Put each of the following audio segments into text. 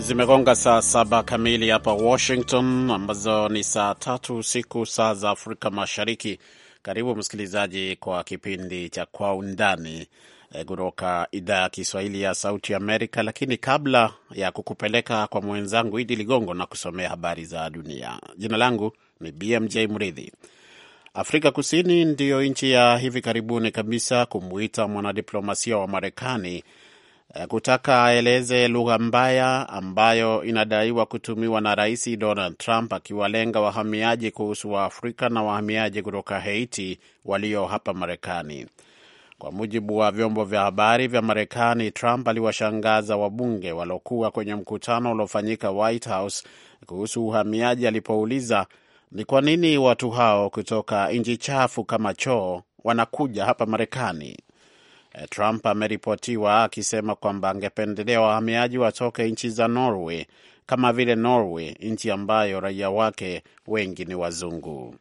Zimegonga saa saba kamili hapa Washington, ambazo ni saa tatu usiku saa za Afrika Mashariki. Karibu msikilizaji kwa kipindi cha Kwa Undani eh, kutoka idhaa ya Kiswahili ya Sauti Amerika. Lakini kabla ya kukupeleka kwa mwenzangu Idi Ligongo na kusomea habari za dunia, jina langu ni BMJ Mridhi. Afrika Kusini ndiyo nchi ya hivi karibuni kabisa kumuita mwanadiplomasia wa Marekani Eh, kutaka aeleze lugha mbaya ambayo inadaiwa kutumiwa na Rais Donald Trump akiwalenga wahamiaji kuhusu Waafrika na wahamiaji kutoka Haiti walio hapa Marekani. Kwa mujibu wa vyombo vya habari vya Marekani, Trump aliwashangaza wabunge waliokuwa kwenye mkutano uliofanyika White House kuhusu uhamiaji alipouliza ni kwa nini watu hao kutoka nchi chafu kama choo wanakuja hapa Marekani. Eh, Trump ameripotiwa akisema kwamba angependelea wahamiaji watoke nchi za Norway kama vile Norway, nchi ambayo raia wake wengi ni wazungu.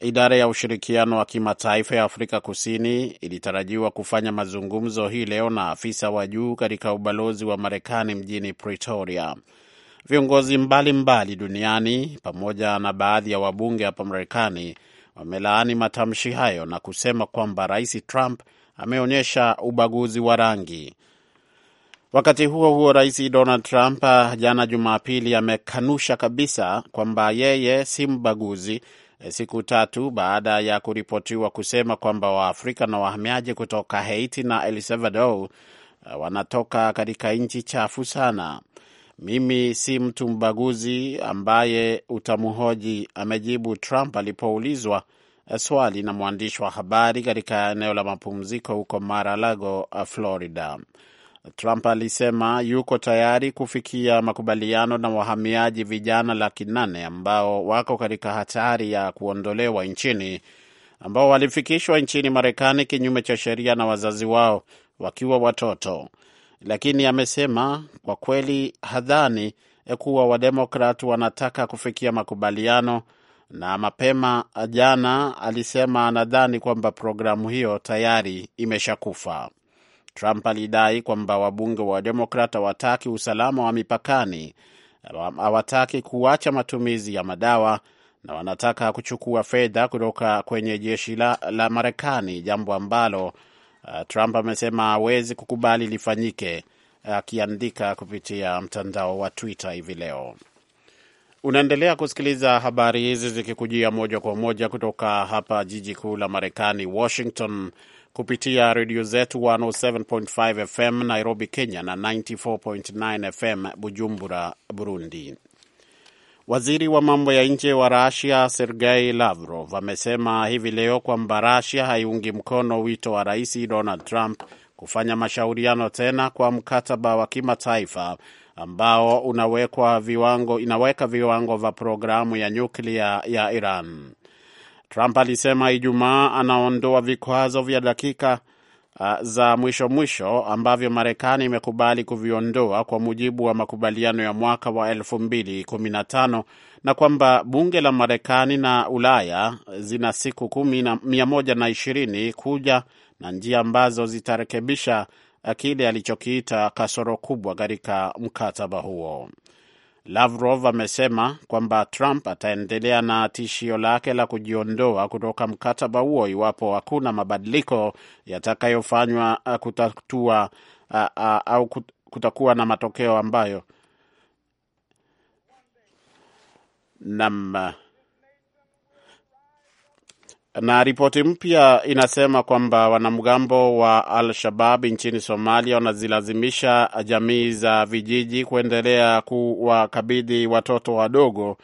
Idara ya ushirikiano wa kimataifa ya Afrika Kusini ilitarajiwa kufanya mazungumzo hii leo na afisa wa juu katika ubalozi wa Marekani mjini Pretoria. Viongozi mbalimbali duniani pamoja na baadhi ya wabunge hapa Marekani wamelaani matamshi hayo na kusema kwamba Rais Trump ameonyesha ubaguzi wa rangi. Wakati huo huo, rais Donald Trump ah, jana Jumapili amekanusha kabisa kwamba yeye si mbaguzi, eh, siku tatu baada ya kuripotiwa kusema kwamba Waafrika na wahamiaji kutoka Haiti na El Salvador ah, wanatoka katika nchi chafu sana. Mimi si mtu mbaguzi ambaye utamhoji, amejibu Trump alipoulizwa swali na mwandishi wa habari katika eneo la mapumziko huko Maralago, lago Florida. Trump alisema yuko tayari kufikia makubaliano na wahamiaji vijana laki nane ambao wako katika hatari ya kuondolewa nchini, ambao walifikishwa nchini Marekani kinyume cha sheria na wazazi wao wakiwa watoto, lakini amesema kwa kweli hadhani kuwa Wademokrat wanataka kufikia makubaliano na mapema jana alisema anadhani kwamba programu hiyo tayari imeshakufa. Trump alidai kwamba wabunge wa Demokrat hawataki usalama wa mipakani, hawataki kuacha matumizi ya madawa na wanataka kuchukua fedha kutoka kwenye jeshi la, la Marekani, jambo ambalo uh, Trump amesema hawezi kukubali lifanyike, akiandika uh, kupitia mtandao wa Twitter hivi leo. Unaendelea kusikiliza habari hizi zikikujia moja kwa moja kutoka hapa jiji kuu la Marekani, Washington, kupitia redio zetu 107.5 FM Nairobi, Kenya na 94.9 FM Bujumbura, Burundi. Waziri wa mambo ya nje wa Rasia Sergei Lavrov amesema hivi leo kwamba Rasia haiungi mkono wito wa Rais Donald Trump kufanya mashauriano tena kwa mkataba wa kimataifa ambao unawekwa viwango, inaweka viwango vya programu ya nyuklia ya Iran. Trump alisema Ijumaa anaondoa vikwazo vya dakika uh, za mwisho mwisho ambavyo Marekani imekubali kuviondoa kwa mujibu wa makubaliano ya mwaka wa 2015 na kwamba bunge la Marekani na Ulaya zina siku kumi na kuja na njia ambazo zitarekebisha Eh, kile alichokiita kasoro kubwa katika mkataba huo. Lavrov amesema kwamba Trump ataendelea na tishio lake la kujiondoa kutoka mkataba huo iwapo hakuna mabadiliko yatakayofanywa eh, kutatua eh, au kutakuwa na matokeo ambayo nam na ripoti mpya inasema kwamba wanamgambo wa Al-Shabab nchini Somalia wanazilazimisha jamii za vijiji kuendelea kuwakabidhi watoto wadogo,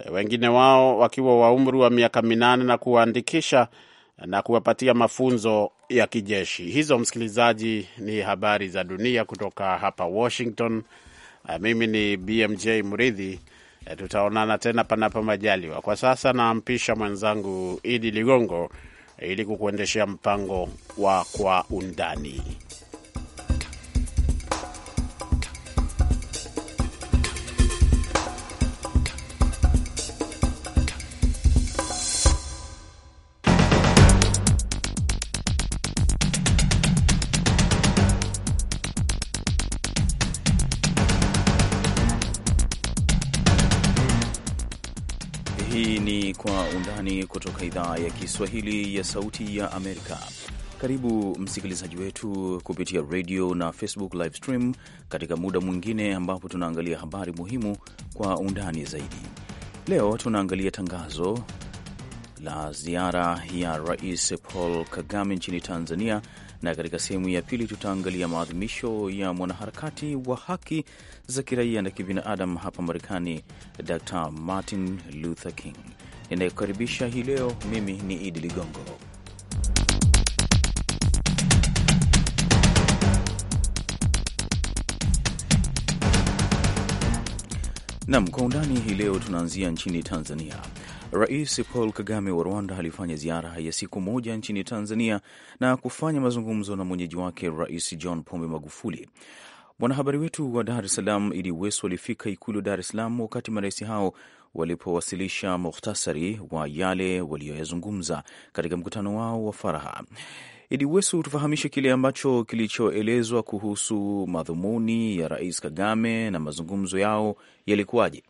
eh, wengine wao wakiwa wa umri wa miaka minane na kuwaandikisha na kuwapatia mafunzo ya kijeshi. Hizo, msikilizaji, ni habari za dunia kutoka hapa Washington. Eh, mimi ni BMJ Mridhi E, tutaonana tena panapo majaliwa. Kwa sasa nampisha mwenzangu Idi Ligongo ili kukuendeshea mpango wa kwa undani. Undani kutoka idhaa ya Kiswahili ya Sauti ya Amerika. Karibu msikilizaji wetu kupitia radio na Facebook live stream katika muda mwingine ambapo tunaangalia habari muhimu kwa undani zaidi. Leo tunaangalia tangazo la ziara ya Rais Paul Kagame nchini Tanzania, na katika sehemu ya pili tutaangalia maadhimisho ya mwanaharakati wa haki za kiraia na kibinadamu hapa Marekani, Dr Martin Luther King ninayokaribisha hii leo. Mimi ni Idi Ligongo. Nam kwa undani hii leo, tunaanzia nchini Tanzania. Rais Paul Kagame wa Rwanda alifanya ziara ya siku moja nchini Tanzania na kufanya mazungumzo na mwenyeji wake Rais John Pombe Magufuli. Mwanahabari wetu wa Dar es Salaam Idi Wesu alifika ikulu Dar es Salaam wakati marais hao walipowasilisha muhtasari wa yale waliyoyazungumza katika mkutano wao wa faraha. Idi Wesu, tufahamishe kile ambacho kilichoelezwa kuhusu madhumuni ya Rais Kagame na mazungumzo yao yalikuwaje?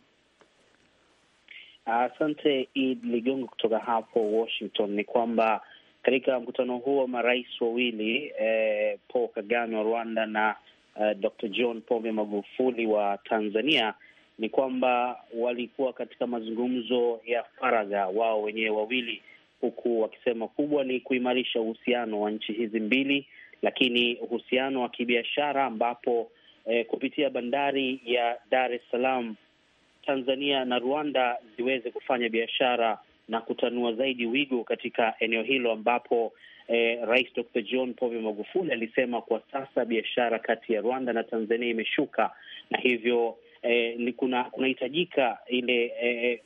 Asante uh, Id Ligongo kutoka hapo Washington. Ni kwamba katika mkutano huo marais wawili eh, Paul Kagame wa Rwanda na uh, Dr. John Pombe Magufuli wa Tanzania ni kwamba walikuwa katika mazungumzo ya faragha wao wenyewe wawili, huku wakisema kubwa ni kuimarisha uhusiano wa nchi hizi mbili, lakini uhusiano wa kibiashara ambapo eh, kupitia bandari ya Dar es Salaam Tanzania na Rwanda ziweze kufanya biashara na kutanua zaidi wigo katika eneo hilo ambapo eh, Rais Dr. John Pombe Magufuli alisema kwa sasa biashara kati ya Rwanda na Tanzania imeshuka na hivyo eh, kuna kunahitajika ile eh,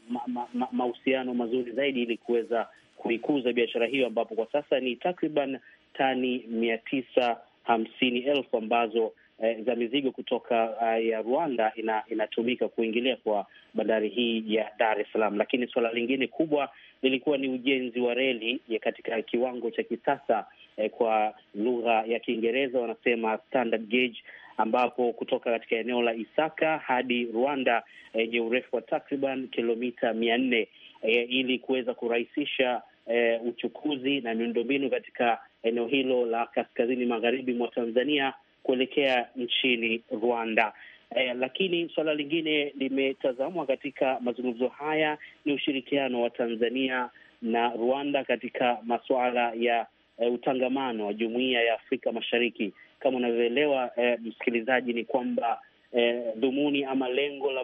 mahusiano e, ma, ma, mazuri zaidi ili kuweza kuikuza biashara hiyo ambapo kwa sasa ni takriban tani mia tisa hamsini elfu ambazo eh, za mizigo kutoka uh, ya Rwanda ina, inatumika kuingilia kwa bandari hii ya Dar es Salaam. Lakini suala lingine kubwa lilikuwa ni ujenzi wa reli katika kiwango cha kisasa eh, kwa lugha ya Kiingereza wanasema standard gauge, ambapo kutoka katika eneo la Isaka hadi Rwanda eh, yenye eh, urefu wa takriban kilomita mia nne eh, ili kuweza kurahisisha eh, uchukuzi na miundombinu katika eneo hilo la kaskazini magharibi mwa Tanzania kuelekea nchini Rwanda eh, lakini suala lingine limetazamwa katika mazungumzo haya ni ushirikiano wa Tanzania na Rwanda katika masuala ya eh, utangamano wa jumuiya ya Afrika Mashariki. Kama unavyoelewa eh, msikilizaji, ni kwamba eh, dhumuni ama lengo la,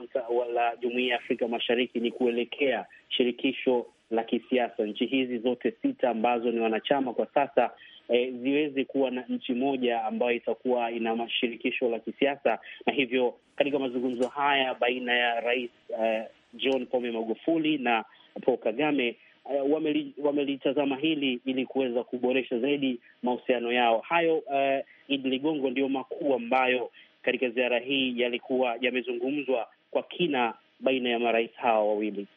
la jumuiya ya Afrika Mashariki ni kuelekea shirikisho la kisiasa. Nchi hizi zote sita ambazo ni wanachama kwa sasa E, eh, ziweze kuwa na nchi moja ambayo itakuwa ina mashirikisho la kisiasa, na hivyo katika mazungumzo haya baina ya Rais uh, John Pombe Magufuli na Paul Kagame uh, wamelitazama wame hili ili kuweza kuboresha zaidi mahusiano yao. Hayo uh, Idi Ligongo, ndiyo makuu ambayo katika ziara hii yalikuwa yamezungumzwa kwa kina baina ya marais hawa wawili.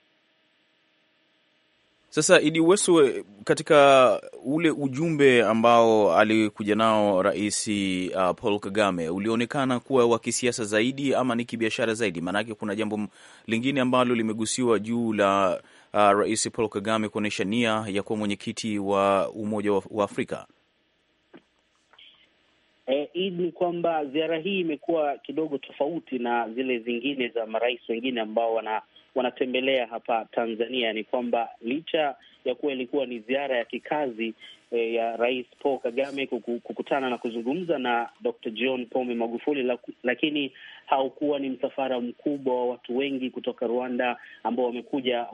Sasa Idi Wesu, katika ule ujumbe ambao alikuja nao rais uh, Paul Kagame ulionekana kuwa wa kisiasa zaidi ama ni kibiashara zaidi? Maanake kuna jambo lingine ambalo limegusiwa juu la uh, rais Paul Kagame kuonyesha nia ya kuwa mwenyekiti wa Umoja wa Afrika. E, Idi, ni kwamba ziara hii imekuwa kidogo tofauti na zile zingine za marais wengine ambao wana wanatembelea hapa Tanzania ni kwamba licha ya kuwa ilikuwa ni ziara ya kikazi e, ya Rais Paul Kagame kukutana na kuzungumza na Dr. John Pombe Magufuli, lakini haukuwa ni msafara mkubwa wa watu wengi kutoka Rwanda ambao wamekuja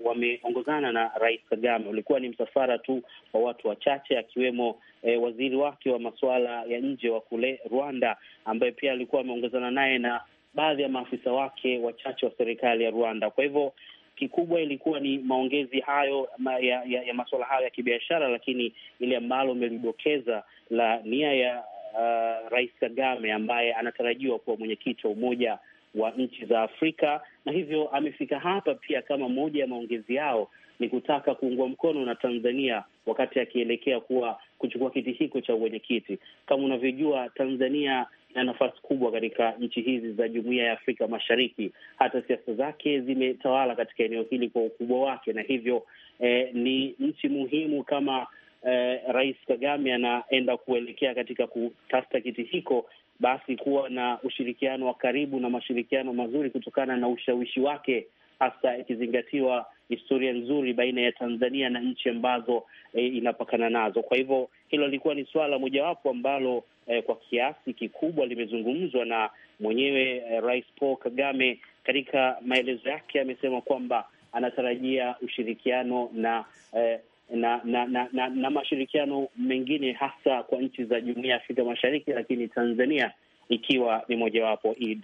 wameongozana wame na Rais Kagame. Ulikuwa ni msafara tu wa watu wachache akiwemo e, waziri wake wa masuala ya nje wa kule Rwanda ambaye pia alikuwa ameongozana naye na baadhi ya maafisa wake wachache wa serikali ya Rwanda. Kwa hivyo kikubwa ilikuwa ni maongezi hayo ma, ya, ya, ya masuala hayo ya kibiashara, lakini ile ambalo umelidokeza la nia ya uh, Rais Kagame ambaye anatarajiwa kuwa mwenyekiti wa Umoja wa Nchi za Afrika, na hivyo amefika hapa pia kama moja ya maongezi yao ni kutaka kuungwa mkono na Tanzania wakati akielekea kuwa kuchukua kiti hiko cha uwenyekiti. Kama unavyojua Tanzania na nafasi kubwa katika nchi hizi za jumuiya ya Afrika Mashariki. Hata siasa zake zimetawala katika eneo hili kwa ukubwa wake, na hivyo eh, ni nchi muhimu kama eh, Rais Kagame anaenda kuelekea katika kutafuta kiti hiko, basi kuwa na ushirikiano wa karibu na mashirikiano mazuri kutokana na ushawishi wake hasa ikizingatiwa historia nzuri baina ya Tanzania na nchi ambazo e, inapakana nazo. Kwa hivyo hilo lilikuwa ni suala mojawapo ambalo eh, kwa kiasi kikubwa limezungumzwa na mwenyewe eh, Rais Paul Kagame. Katika maelezo yake amesema kwamba anatarajia ushirikiano na eh, na na na, na, na mashirikiano mengine hasa kwa nchi za Jumuiya ya Afrika Mashariki, lakini Tanzania ikiwa ni mojawapo. Eid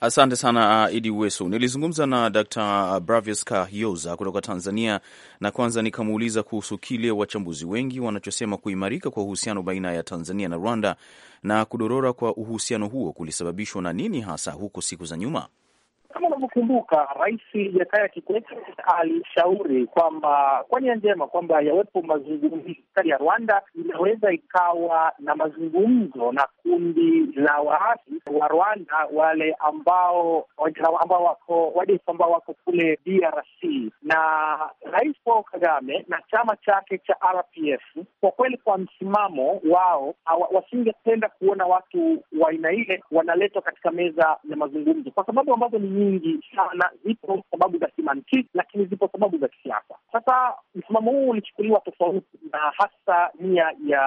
Asante sana uh, Idi wesu Nilizungumza na Dr Bravius Kahioza kutoka Tanzania, na kwanza nikamuuliza kuhusu kile wachambuzi wengi wanachosema kuimarika kwa uhusiano baina ya Tanzania na Rwanda na kudorora kwa uhusiano huo kulisababishwa na nini hasa huko siku za nyuma. Kama unavyokumbuka, Rais Jakaya Kikwete alishauri kwamba kwa nia njema kwamba yawepo mazungumzo. Serikali ya Rwanda inaweza ikawa na mazungumzo na kundi la waasi wa Rwanda wale ambao ambao wako wadefu ambao wako kule DRC, na Rais Paul Kagame na chama chake cha RPF kwa kweli, kwa msimamo wao wasingependa kuona watu wa aina ile wanaletwa katika meza ya mazungumzo kwa sababu ambazo ni nyingi sana, zipo sababu za kimantiki, lakini zipo sababu za kisiasa. Sasa msimamo huu ulichukuliwa tofauti na hasa nia ya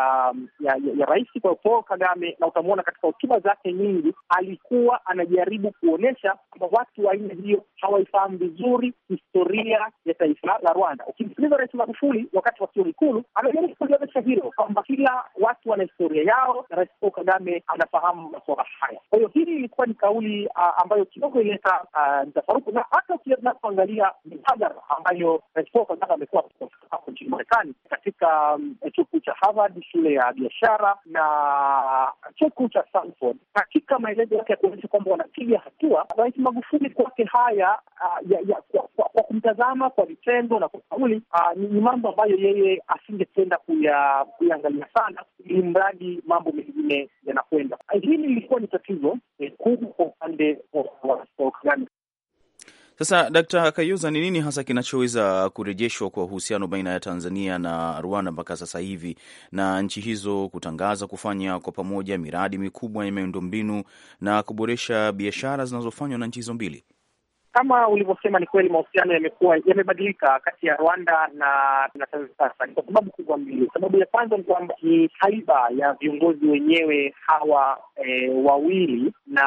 ya, ya, ya rais kwa Paul Kagame, na utamwona katika hotuba zake nyingi alikuwa anajaribu kuonyesha kwamba watu wa aina hiyo hawaifahamu vizuri historia ya taifa la Rwanda. Ukimsikiliza Rais Magufuli wakati wakiwa Ikulu, amejaribu kulionyesha hilo kwamba kila watu wana historia yao na Rais Paul Kagame anafahamu masuala haya. Kwa hiyo hili ilikuwa ni kauli uh, ambayo kidogo ilileta mtafaruku, ah, na hata ukianza kuangalia mihadhara ambayo amekuwa hapo Marekani katika um, chuo kikuu cha Harvard, shule ya biashara na chuo kikuu cha Stanford. Katika maelezo yake ya kuonyesha kwamba wanapiga hatua, Rais Magufuli kwake haya uh, ya, ya, kwa, kwa, kwa kumtazama kwa vitendo na kwa kauli uh, ni mambo ambayo yeye asingependa kuya, kuyaangalia sana, ili mradi mambo mengine yanakwenda. Hili lilikuwa ni tatizo eh, kubwa kwa upande wa upinzani sasa Dkt. Kayuza, ni nini hasa kinachoweza kurejeshwa kwa uhusiano baina ya Tanzania na Rwanda mpaka sasa hivi na nchi hizo kutangaza kufanya kwa pamoja miradi mikubwa ya miundombinu na kuboresha biashara zinazofanywa na nchi hizo mbili? Kama ulivyosema, ni kweli mahusiano yamekuwa yamebadilika kati ya Rwanda na na Tanzania sasa, kwa sababu kubwa mbili. Sababu ya kwanza ni kwamba ni haiba ya viongozi wenyewe hawa e, wawili na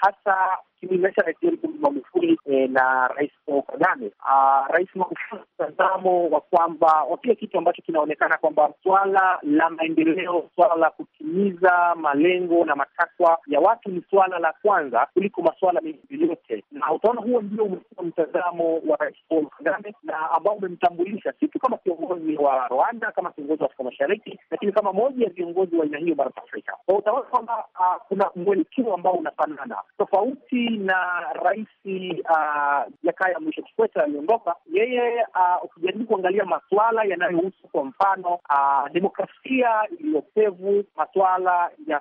hasa kimeonyesha Rais John Pombe Magufuli eh, na Rais Paul Kagame. Ah, Rais Magufuli mtazamo wa kwamba wa kile kitu ambacho kinaonekana kwamba swala la maendeleo, swala la kutimiza malengo na matakwa ya watu ni swala la kwanza kuliko masuala mengine yote, na utaona huo ndio umekuwa mtazamo wa Rais Paul Kagame na ambao umemtambulisha si tu kama kiongozi wa Rwanda, kama kiongozi wa Afrika Mashariki, lakini kama moja ya viongozi wa aina hiyo barani Afrika. Utaona kwamba ah, kuna mwelekeo ambao unafanana tofauti na rais uh, Jakaya mwisho Mrisho Kikwete aliondoka, yeye uh, ukijaribu kuangalia masuala yanayohusu kwa mfano uh, demokrasia iliyopevu, masuala ya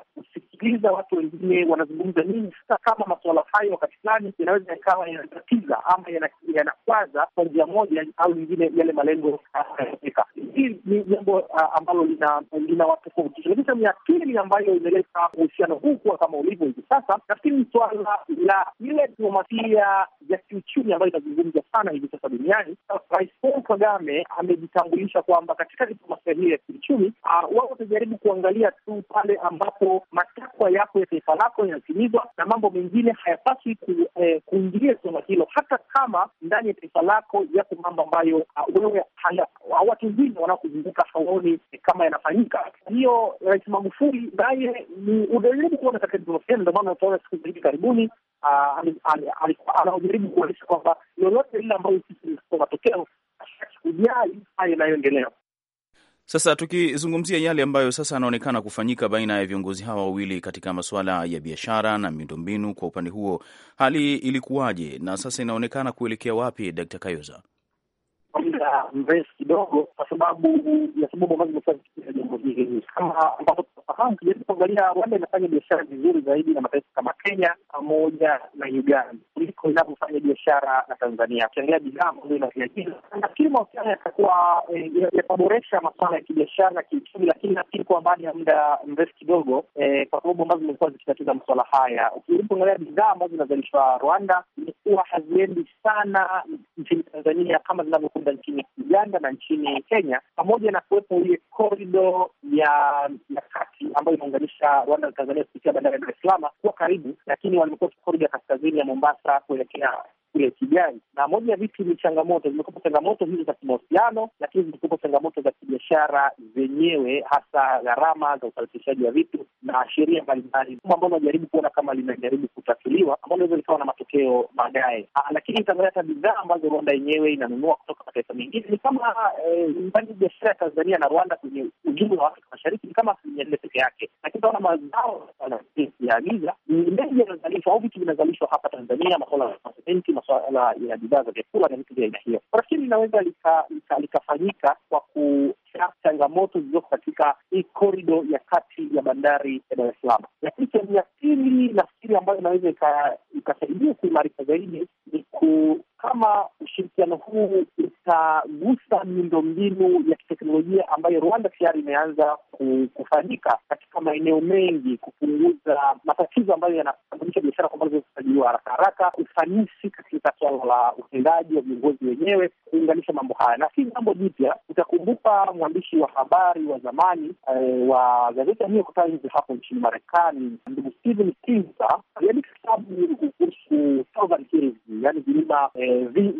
kusikiliza watu wengine wanazungumza nini, sasa kama masuala hayo wakati fulani yanaweza yakawa yanatatiza ama yanakwaza kwa njia moja au nyingine yale malengo yanayofika. Hii ni jambo ambalo linawatofautisha, lakini sehemu ya pili ambayo imeleta uhusiano huu kuwa kama ulivyo hivi sasa, nafikiri ni suala la ile diplomasia ya kiuchumi ambayo inazungumzwa sana hivi sasa duniani. Rais Paul Kagame amejitambulisha kwamba katika diplomasia hiyo ya kiuchumi ah, wao watajaribu kuangalia tu pale ambapo matakwa yako ya taifa lako yanatimizwa na mambo mengine hayapaswi ku, eh, kuingilia suala hilo, hata kama ndani ya taifa lako yako mambo ambayo ah, wewe watu wengine wanaokuzunguka hawaoni eh, kama yanafanyika. Hiyo Rais Magufuli naye ni unajaribu kuona katika diplomasia, ndio maana utaona siku za hivi karibuni anaojaribu kuonyesha kwamba lolote lile ambayo sisi kwa matokeo kujali haya inayoendelea. Sasa tukizungumzia yale ambayo sasa yanaonekana kufanyika baina ya viongozi hawa wawili katika masuala ya biashara na miundombinu, kwa upande huo hali ilikuwaje na sasa inaonekana kuelekea wapi, Dkt. Kayoza? muda mrefu kidogo, kwa sababu ya sababu ambazo zimekuwa zikiia jambo hili, kama ambapo tunafahamu, kijaribu kuangalia Rwanda inafanya biashara vizuri zaidi na mataifa kama Kenya pamoja na Uganda kuliko inavyofanya biashara na Tanzania. Ukiangalia bidhaa ambazo inaziagiza, nafikiri mahusiano yatakuwa eh, yataboresha masuala ya kibiashara na kiuchumi, lakini nafikiri kwa mbali ya muda mrefu kidogo, eh, kwa sababu ambazo zimekuwa zikitatiza masuala haya. Ukijaribu kuangalia bidhaa ambazo zinazalishwa Rwanda imekuwa haziendi sana nchini Tanzania kama zinavyokwenda nchini nchini Uganda na nchini Kenya, pamoja na kuwepo ile korido ya ya kati ambayo inaunganisha Rwanda na Tanzania kupitia bandari ya Dar es Salaam kuwa karibu, lakini wamekuwa korido ya kaskazini ya Mombasa kuelekea kule kijani. Na moja ya vitu ni changamoto, zimekuwepo changamoto hizo za kimahusiano, lakini zimekuwepo changamoto za kibiashara zenyewe, hasa gharama za usafirishaji wa vitu na sheria mbalimbali, ambalo najaribu kuona kama linajaribu kutatuliwa, ambalo hizo likawa na matokeo baadaye. Ah, lakini ukiangalia hata bidhaa ambazo Rwanda yenyewe inanunua kutoka mataifa mengine ni kama eh, nyumbani biashara ya Tanzania na Rwanda kwenye ujumla wa Afrika Mashariki ni kama asilimia peke yake, lakini taona mazao yaagiza mengi yanazalishwa au vitu vinazalishwa hapa Tanzania, masuala ya sementi, masuala ya bidhaa za vyakula na vitu vya aina hiyo. Nafikiri linaweza likafanyika kwa ku changamoto zilizoko katika hii korido ya kati ya bandari ya Dar es Salaam. Lakini sehemu ya pili nafikiri ambayo inaweza ikasaidia kuimarika zaidi ni ku kama ushirikiano huu utagusa miundombinu ya kiteknolojia ambayo Rwanda tayari imeanza kufanyika katika maeneo mengi, kupunguza matatizo ambayo yanasababisha biashara kwa mbazo zinasajiliwa haraka haraka, ufanisi katika swala la utendaji wa viongozi wenyewe, kuunganisha mambo haya na si jambo jipya. Utakumbuka mwandishi wa habari wa zamani e, wa gazeti ya New York Times hapo nchini Marekani, ndugu Kinzer aliandika kitabu kutoza mkerezi, vilima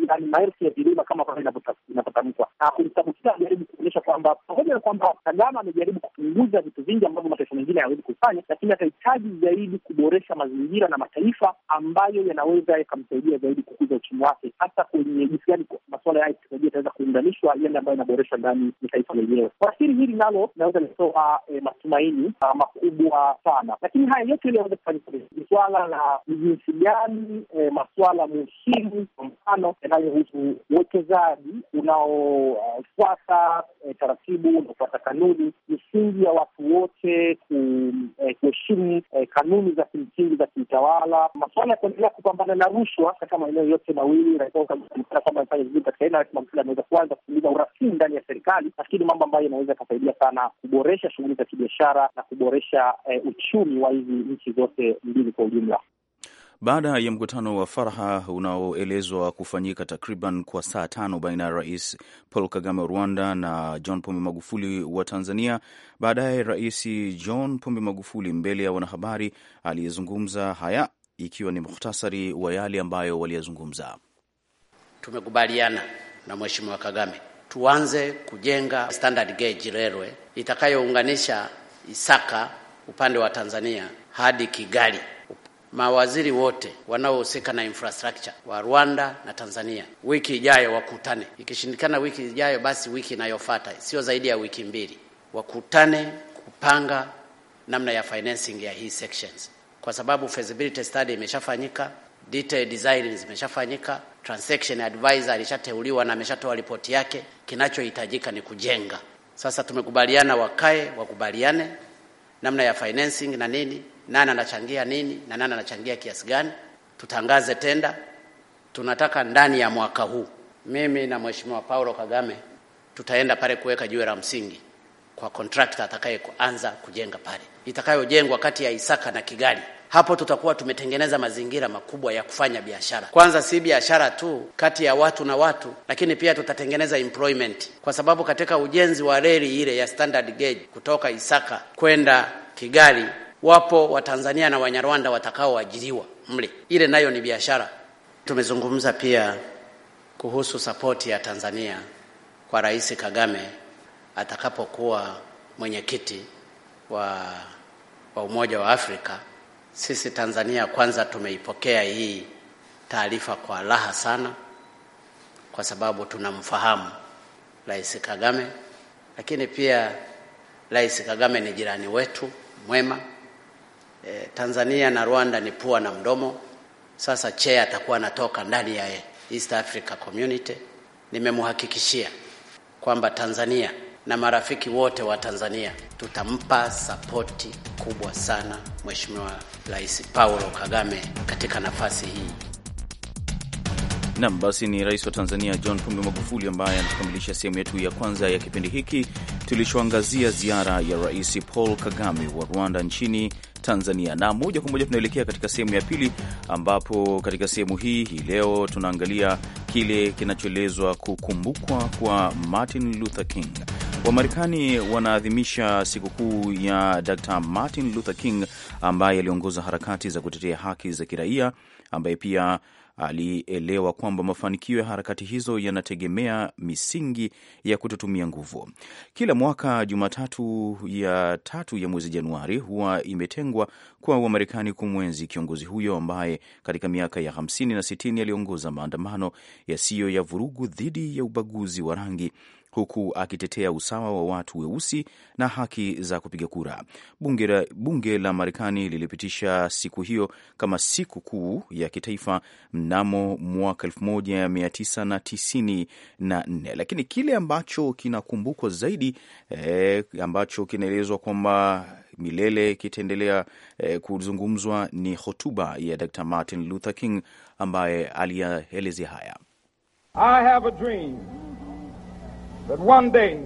yaani maelfu ya vilima kama kwamba inavyotamkwa, na kumtabukia ajaribu kuonyesha kwamba pamoja na kwamba Kagame amejaribu kupunguza vitu vingi ambavyo mataifa mengine hayawezi kufanya, lakini atahitaji zaidi kuboresha mazingira na mataifa ambayo yanaweza yakamsaidia zaidi kukuza uchumi wake, hasa kwenye jinsi gani masuala ya teknolojia itaweza kuunganishwa, yale ambayo inaboreshwa ndani ya taifa lenyewe. Nafikiri hili nalo inaweza litoa e, eh, matumaini ah, makubwa sana, lakini haya yote ili yaweze kufanyika ni swala la jinsi gani e, masuala muhimu, kwa mfano yanayohusu uwekezaji unaofuata e, taratibu unaofuata kanuni, misingi ya watu wote ku Eh, kuheshimu eh, kanuni za kimsingi za kiutawala. Masuala ya kuendelea kupambana na rushwa katika maeneo yote mawili, kwamba amefanya vizuri katika hilo. Rais Magufuli ameweza kwanza kupunguza ndani ya serikali. Nafikiri mambo ambayo yanaweza ikasaidia sana kuboresha shughuli za kibiashara na kuboresha eh, uchumi wa hizi nchi zote mbili kwa ujumla baada ya mkutano wa faraha unaoelezwa kufanyika takriban kwa saa tano baina ya Rais Paul Kagame wa Rwanda na John Pombe Magufuli wa Tanzania. Baadaye Rais John Pombe Magufuli mbele ya wanahabari aliyezungumza haya, ikiwa ni muhtasari wa yale ambayo waliyazungumza. Tumekubaliana na Mheshimiwa Kagame tuanze kujenga standard gauge railway itakayounganisha Isaka upande wa Tanzania hadi Kigali mawaziri wote wanaohusika na infrastructure wa Rwanda na Tanzania wiki ijayo wakutane, ikishindikana wiki ijayo, basi wiki inayofuata, sio zaidi ya wiki mbili, wakutane kupanga namna ya financing ya hii sections, kwa sababu feasibility study imeshafanyika, detailed design zimeshafanyika, transaction advisor alishateuliwa na ameshatoa ripoti yake. Kinachohitajika ni kujenga. Sasa tumekubaliana, wakae wakubaliane namna ya financing na nini nani anachangia nini na nani anachangia kiasi gani. Tutangaze tenda, tunataka ndani ya mwaka huu. Mimi na Mheshimiwa Paulo Kagame tutaenda pale kuweka jiwe la msingi kwa kontrakta atakayeanza kujenga pale, itakayojengwa kati ya Isaka na Kigali. Hapo tutakuwa tumetengeneza mazingira makubwa ya kufanya biashara. Kwanza si biashara tu kati ya watu na watu, lakini pia tutatengeneza employment, kwa sababu katika ujenzi wa reli ile ya standard gauge kutoka Isaka kwenda Kigali wapo Watanzania na Wanyarwanda watakaoajiriwa mle, ile nayo ni biashara. Tumezungumza pia kuhusu sapoti ya Tanzania kwa Rais Kagame atakapokuwa mwenyekiti wa, wa Umoja wa Afrika. Sisi Tanzania kwanza tumeipokea hii taarifa kwa raha sana, kwa sababu tunamfahamu Rais Kagame, lakini pia Rais Kagame ni jirani wetu mwema eh, Tanzania na Rwanda ni pua na mdomo. Sasa chea atakuwa anatoka ndani ya East Africa Community. Nimemhakikishia kwamba Tanzania na marafiki wote wa Tanzania tutampa sapoti kubwa sana Mheshimiwa Rais Paulo Kagame katika nafasi hii. Nam, basi ni rais wa Tanzania John Pombe Magufuli ambaye anakamilisha sehemu yetu ya kwanza ya kipindi hiki tulichoangazia ziara ya Rais Paul Kagame wa Rwanda nchini Tanzania. Na moja kwa moja tunaelekea katika sehemu ya pili, ambapo katika sehemu hii hii leo tunaangalia kile kinachoelezwa kukumbukwa kwa Martin Luther King. Wamarekani wanaadhimisha sikukuu ya Dr. Martin Luther King ambaye aliongoza harakati za kutetea haki za kiraia, ambaye pia alielewa kwamba mafanikio ya harakati hizo yanategemea misingi ya kutotumia nguvu. Kila mwaka Jumatatu ya tatu ya mwezi Januari huwa imetengwa kwa Wamarekani kumwenzi kiongozi huyo ambaye katika miaka ya hamsini na sitini aliongoza maandamano yasiyo ya vurugu dhidi ya ubaguzi wa rangi huku akitetea usawa wa watu weusi na haki za kupiga kura. Bunge la, bunge la Marekani lilipitisha siku hiyo kama siku kuu ya kitaifa mnamo mwaka 1994 lakini kile ambacho kinakumbukwa zaidi eh, ambacho kinaelezwa kwamba milele kitaendelea eh, kuzungumzwa ni hotuba ya Dr. Martin Luther King ambaye aliyaelezea haya I have a dream. that one day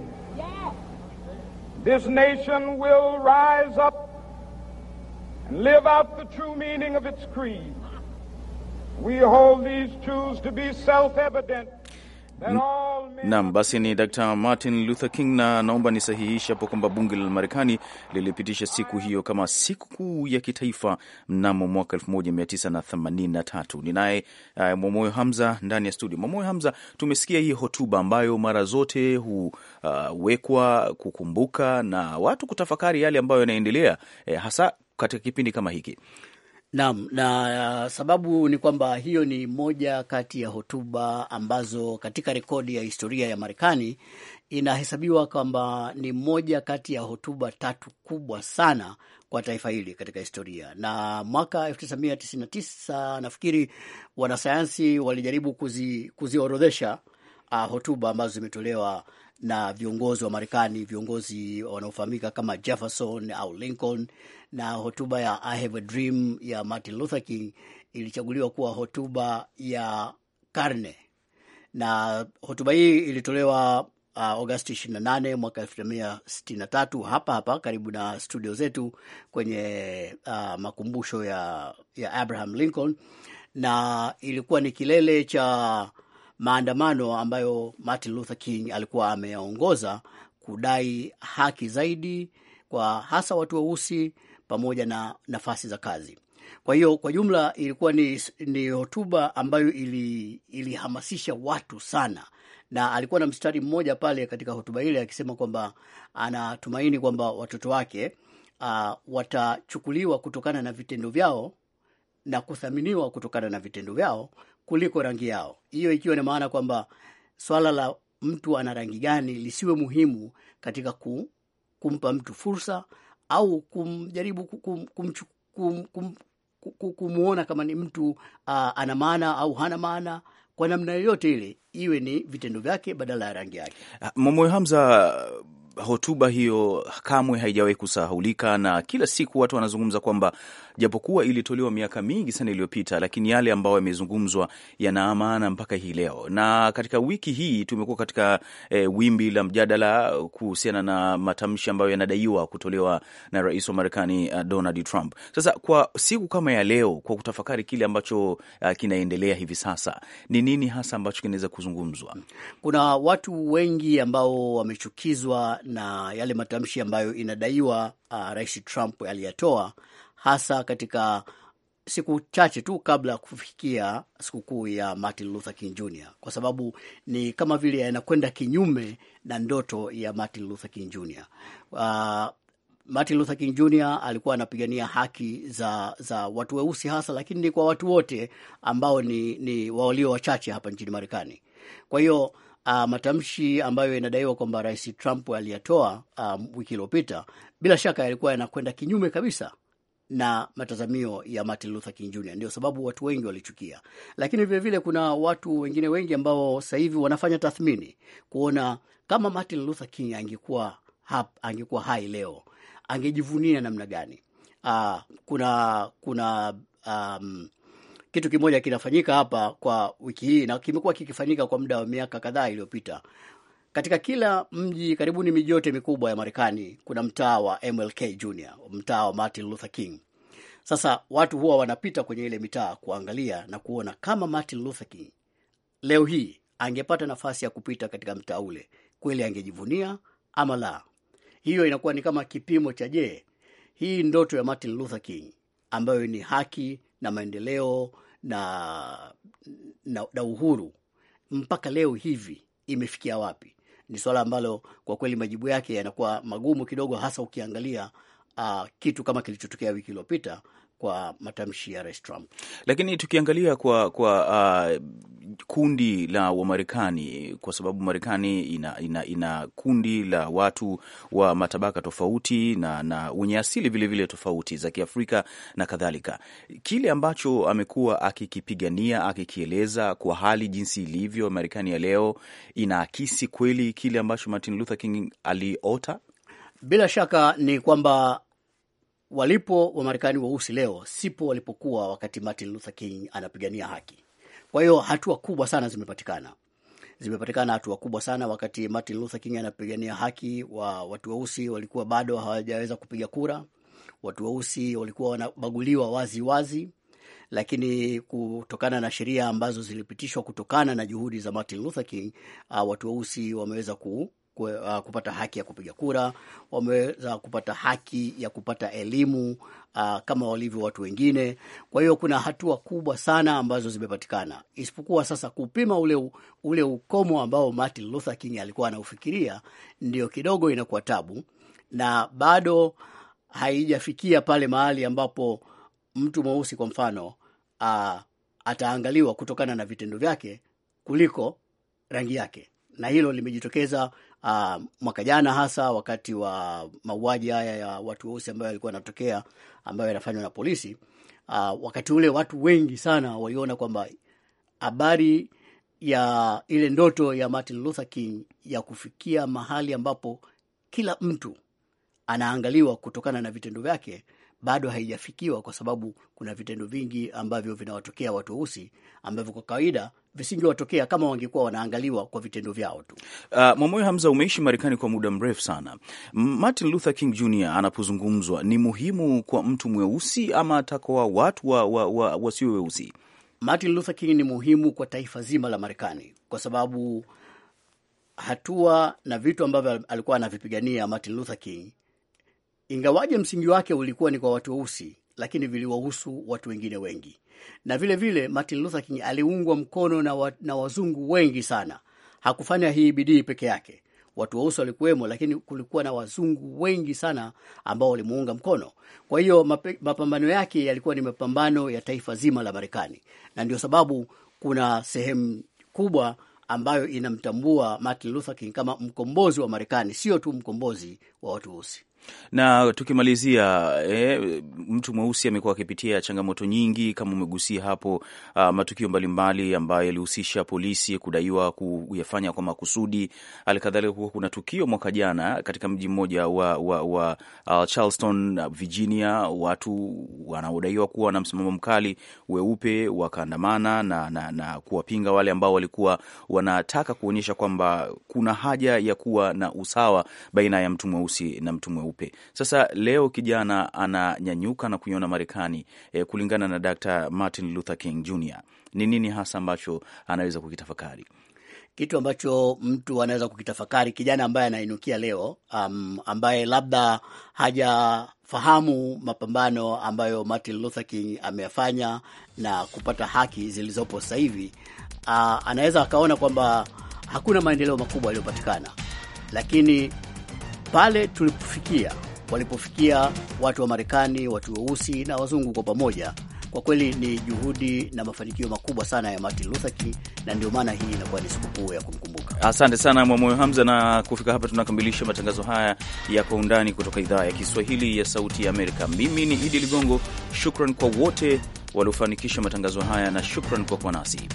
this nation will rise up and live out the true meaning of its creed. We hold these truths to be self evident Naam, basi ni Dr. Martin Luther King, na naomba nisahihishe hapo kwamba bunge la Marekani lilipitisha siku hiyo kama sikukuu ya kitaifa mnamo mwaka 1983. Ninaye uh, Mwamoyo Hamza ndani ya studio. Mwamoyo Hamza, tumesikia hii hotuba ambayo mara zote huwekwa uh, kukumbuka na watu kutafakari yale ambayo yanaendelea eh, hasa katika kipindi kama hiki Naam, na uh, sababu ni kwamba hiyo ni moja kati ya hotuba ambazo katika rekodi ya historia ya Marekani inahesabiwa kwamba ni moja kati ya hotuba tatu kubwa sana kwa taifa hili katika historia. Na mwaka 1999 nafikiri wanasayansi walijaribu kuziorodhesha kuzi uh, hotuba ambazo zimetolewa na viongozi wa Marekani, viongozi wanaofahamika kama Jefferson au Lincoln, na hotuba ya I have a dream ya Martin Luther King ilichaguliwa kuwa hotuba ya karne, na hotuba hii ilitolewa Uh, Agosti 28 mwaka 1963 hapa hapa karibu na studio zetu kwenye uh, makumbusho ya, ya Abraham Lincoln, na ilikuwa ni kilele cha maandamano ambayo Martin Luther King alikuwa ameyaongoza kudai haki zaidi kwa hasa watu weusi pamoja na nafasi za kazi. Kwa hiyo kwa jumla ilikuwa ni, ni hotuba ambayo ilihamasisha ili watu sana, na alikuwa na mstari mmoja pale katika hotuba ile akisema kwamba anatumaini kwamba watoto wake uh, watachukuliwa kutokana na vitendo vyao na kuthaminiwa kutokana na vitendo vyao kuliko rangi yao, hiyo ikiwa ni maana kwamba swala la mtu ana rangi gani lisiwe muhimu katika ku, kumpa mtu fursa au kumjaribu kum, kum, kum, kum, kumwona kama ni mtu uh, ana maana au hana maana kwa namna yoyote ile, iwe ni vitendo vyake badala ya rangi yake. Ah, Mwamoyo Hamza hotuba hiyo kamwe haijawahi kusahulika, na kila siku watu wanazungumza kwamba japokuwa ilitolewa miaka mingi sana iliyopita, lakini yale ambayo yamezungumzwa yana maana mpaka hii leo. Na katika wiki hii tumekuwa katika e, wimbi la mjadala kuhusiana na matamshi ambayo yanadaiwa kutolewa na rais wa Marekani uh, Donald Trump. Sasa kwa siku kama ya leo, kwa kutafakari kile ambacho uh, kinaendelea hivi sasa, ni nini hasa ambacho kinaweza kuzungumzwa? Kuna watu wengi ambao wamechukizwa na yale matamshi ambayo inadaiwa uh, Rais Trump aliyatoa hasa katika siku chache tu kabla ya kufikia sikukuu ya Martin Luther King Jr, kwa sababu ni kama vile yanakwenda kinyume na ndoto ya Martin Luther King Jr. Uh, Martin Luther King Jr alikuwa anapigania haki za, za watu weusi hasa, lakini ni kwa watu wote ambao ni, ni walio wachache hapa nchini Marekani. Kwa hiyo uh, matamshi ambayo inadaiwa kwamba Rais Trump aliyatoa um, wiki iliyopita, bila shaka yalikuwa yanakwenda kinyume kabisa na matazamio ya Martin Luther King Jr. Ndio sababu watu wengi walichukia, lakini vilevile vile kuna watu wengine wengi ambao sasa hivi wanafanya tathmini kuona kama Martin Luther King angekuwa hap, angekuwa hai leo angejivunia namna gani? Uh, kuna kuna um, kitu kimoja kinafanyika hapa kwa wiki hii na kimekuwa kikifanyika kwa muda wa miaka kadhaa iliyopita. Katika kila mji, karibuni miji yote mikubwa ya Marekani, kuna mtaa wa MLK Jr, mtaa wa Martin Luther King. Sasa watu huwa wanapita kwenye ile mitaa kuangalia na kuona kama Martin Luther King leo hii angepata nafasi ya kupita katika mtaa ule, kweli angejivunia ama la? Hiyo inakuwa ni kama kipimo cha je, hii ndoto ya Martin Luther King ambayo ni haki na maendeleo na, na, na uhuru mpaka leo hivi imefikia wapi? Ni suala ambalo kwa kweli majibu yake yanakuwa magumu kidogo, hasa ukiangalia uh, kitu kama kilichotokea wiki iliyopita kwa matamshi ya Rais Trump. Lakini tukiangalia kwa, kwa uh, kundi la Wamarekani kwa sababu Marekani ina, ina, ina kundi la watu wa matabaka tofauti na, na wenye asili vilevile tofauti za Kiafrika na kadhalika, kile ambacho amekuwa akikipigania akikieleza kwa hali jinsi ilivyo Marekani ya leo inaakisi kweli kile ambacho Martin Luther King aliota. Bila shaka ni kwamba walipo Wamarekani weusi wa leo sipo walipokuwa wakati Martin Luther King anapigania haki. Kwa hiyo hatua kubwa sana zimepatikana, zimepatikana hatua kubwa sana. Wakati Martin Luther King anapigania haki wa watu weusi wa walikuwa bado hawajaweza kupiga kura, watu weusi wa walikuwa wanabaguliwa wazi wazi, lakini kutokana na sheria ambazo zilipitishwa kutokana na juhudi za Martin Luther King, ah, watu weusi wameweza ku kwe, uh, kupata haki ya kupiga kura, wameweza kupata haki ya kupata elimu uh, kama walivyo watu wengine. Kwa hiyo kuna hatua kubwa sana ambazo zimepatikana, isipokuwa sasa kupima ule, ule ukomo ambao Martin Luther King alikuwa anaufikiria ndio kidogo inakuwa tabu, na bado haijafikia pale mahali ambapo mtu mweusi kwa mfano uh, ataangaliwa kutokana na vitendo vyake kuliko rangi yake, na hilo limejitokeza uh, mwaka jana hasa wakati wa mauaji haya ya watu weusi ambayo yalikuwa yanatokea ambayo yanafanywa na polisi. Uh, wakati ule watu wengi sana waliona kwamba habari ya ile ndoto ya Martin Luther King ya kufikia mahali ambapo kila mtu anaangaliwa kutokana na vitendo vyake bado haijafikiwa, kwa sababu kuna vitendo vingi ambavyo vinawatokea watu weusi ambavyo kwa kawaida visingewatokea kama wangekuwa wanaangaliwa kwa vitendo vyao tu. Uh, Mwamoyo Hamza, umeishi Marekani kwa muda mrefu sana. Martin Luther King Jr anapozungumzwa ni muhimu kwa mtu mweusi ama atakoa watu wa, wa, wa, wasio weusi? Martin Luther King ni muhimu kwa taifa zima la Marekani kwa sababu hatua na vitu ambavyo alikuwa anavipigania Martin Luther King, ingawaje msingi wake ulikuwa ni kwa watu weusi lakini viliwahusu watu wengine wengi. Na vilevile vile, Martin Luther King aliungwa mkono na, wa, na wazungu wengi sana. Hakufanya hii bidii peke yake, watu weusi walikuwemo, lakini kulikuwa na wazungu wengi sana ambao walimuunga mkono. Kwa hiyo mapambano yake yalikuwa ni mapambano ya taifa zima la Marekani, na ndio sababu kuna sehemu kubwa ambayo inamtambua Martin Luther King kama mkombozi wa Marekani, sio tu mkombozi wa watu weusi. Na tukimalizia eh, mtu mweusi amekuwa akipitia changamoto nyingi kama umegusia hapo, uh, matukio mbalimbali ambayo yalihusisha polisi kudaiwa kuyafanya kwa makusudi. Halikadhalika kuwa kuna tukio mwaka jana katika mji mmoja wa, wa, wa uh, Charleston, Virginia, watu wanaodaiwa kuwa na msimamo mkali weupe wakaandamana na, na, na kuwapinga wale ambao walikuwa wanataka kuonyesha kwamba kuna haja ya kuwa na usawa baina ya mtu mweusi na mtu mweupe weupe. Sasa leo kijana ananyanyuka na kuiona Marekani eh, kulingana na Dr. Martin Luther King Jr. Ni nini hasa ambacho anaweza kukitafakari? Kitu ambacho mtu anaweza kukitafakari, kijana ambaye anainukia leo, um, ambaye labda hajafahamu mapambano ambayo Martin Luther King ameyafanya na kupata haki zilizopo sasa hivi, uh, anaweza akaona kwamba hakuna maendeleo makubwa yaliyopatikana, lakini pale tulipofikia, walipofikia watu wa Marekani, watu weusi na wazungu kwa pamoja. Kwa kweli ni juhudi na mafanikio makubwa sana ya Martin Luther King, na ndio maana hii inakuwa ni sikukuu ya kumkumbuka. Asante sana Mwamoyo Hamza, na kufika hapa tunakamilisha matangazo haya ya Kwa Undani kutoka idhaa ya Kiswahili ya Sauti ya Amerika. Mimi ni Idi Ligongo, shukran kwa wote waliofanikisha matangazo haya na shukran kwa kuwa nasi.